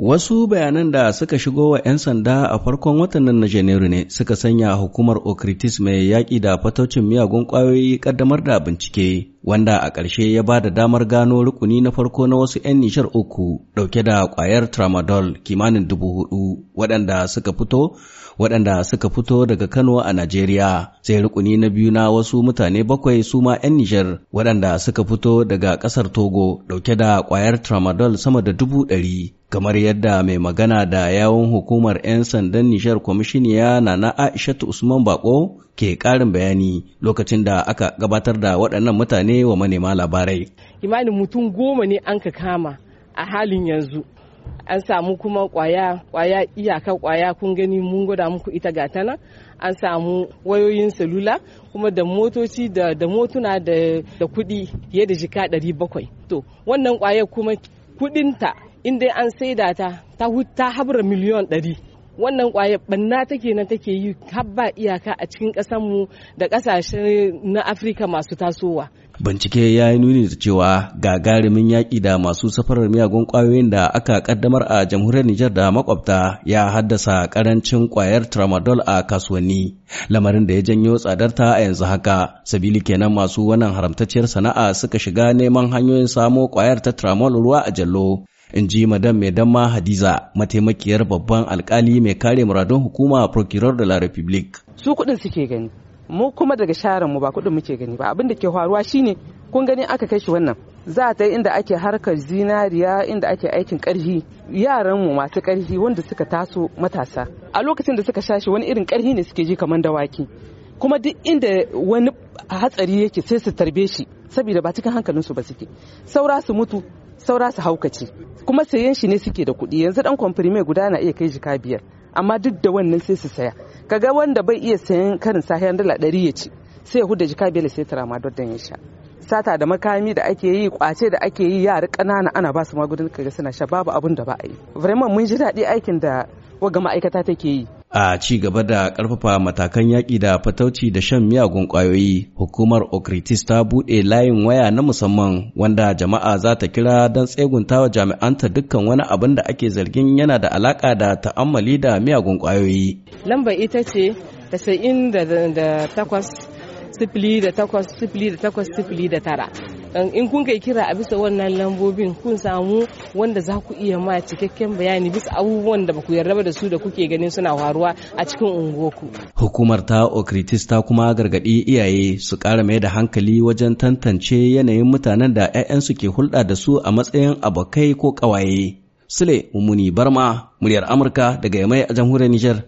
Wasu bayanan da suka shigo wa 'yan sanda a farkon watan na Janairu ne suka sanya hukumar Okritis mai yaƙi da fataucin miyagun ƙwayoyi ƙaddamar da bincike, wanda a ƙarshe ya ba da damar gano rukuni na farko na wasu 'yan nishar uku ɗauke da ƙwayar tramadol kimanin dubu hudu waɗanda suka fito waɗanda suka fito daga Kano a Najeriya sai rukuni na biyu na wasu mutane bakwai su ma 'yan Nijar waɗanda suka fito daga ƙasar Togo ɗauke da ƙwayar tramadol sama da dubu ɗari kamar yadda mai magana da yawon hukumar 'yan sandan Nijar kwamishiniya na na Aishatu Usman Bako ke ƙarin bayani lokacin da aka gabatar da waɗannan mutane wa manema labarai. Imanin mutum goma ne an ka kama a halin yanzu an samu kuma kwaya kwaya iyaka kwaya kun gani mun gwada muku ita gata nan an samu wayoyin salula kuma da motoci da, da motuna da, da kuɗi fiye da jika 700 to wannan kwaya kuma kuɗinta inda an saida ta ta ta habra miliyon 100 wannan kwaya banna take nan take yi har ba iyaka a cikin mu da ƙasashe na afirka masu tasowa Bincike ya yi nuni da cewa gagarumin yaƙi da masu safarar miyagun ƙwayoyin da aka ƙaddamar a jamhuriyar Nijar da makwabta ya haddasa ƙarancin ƙwayar tramadol a kasuwanni, lamarin da ya janyo tsadarta a yanzu haka. Sabili kenan masu wannan haramtacciyar sana'a suka shiga neman hanyoyin samo ƙwayar ta tramadol ruwa a jallo. in ji madam mai damma hadiza mataimakiyar babban alkali mai kare muradun hukuma procureur de la republique su kuɗin suke gani mu kuma daga sharan mu ba kuɗin muke gani ba abin da ke faruwa shine kun gani aka kai shi wannan za ta yi inda ake harkar zinariya inda ake aikin karhi yaran mu masu karhi wanda suka taso matasa a lokacin da suka shashi wani irin karhi ne suke ji kamar dawaki kuma duk inda wani hatsari yake sai su tarbe shi saboda ba cikin hankalin su ba suke saura su mutu saura su haukace kuma sayen shi ne suke da kuɗi yanzu dan kwamfirme guda na iya kai jika biyar amma duk da wannan sai su saya kaga wanda bai iya sayan karin sahiyan dala ɗari ya ci sai ya huda jika bela sai tarama don ya sha sata da makami da ake yi kwace da ake yi yara ƙanana ana ba su magudin kaga suna sha babu abun da ba a yi vraiment mun ji daɗi aikin da waga ma'aikata take yi a ci gaba da ƙarfafa matakan yaƙi da fatauci da shan miyagun ƙwayoyi hukumar okritis ta buɗe layin waya na musamman wanda jama'a za ta kira don tsegunta wa jami'anta dukkan wani abin da ake zargin yana da alaƙa da ta'ammali da miyagun ƙwayoyi lamba ita ce tasa'in da takwas sifili da takwas sifili da takwas sifili da tara in kun kai kira a bisa wannan lambobin kun samu wanda za ku iya ma cikakken bayani bisa abubuwan da baku ku yarda da su da kuke ganin suna faruwa a cikin unguwarku. Hukumar ta Okritis ta kuma gargaɗi iyaye su kara mai da hankali wajen tantance yanayin mutanen da 'ya'yansu ke hulɗa da su a matsayin abokai ko ƙawaye. Sule Mumuni Barma, muryar Amurka daga Yamai a jamhuriyar Nijar.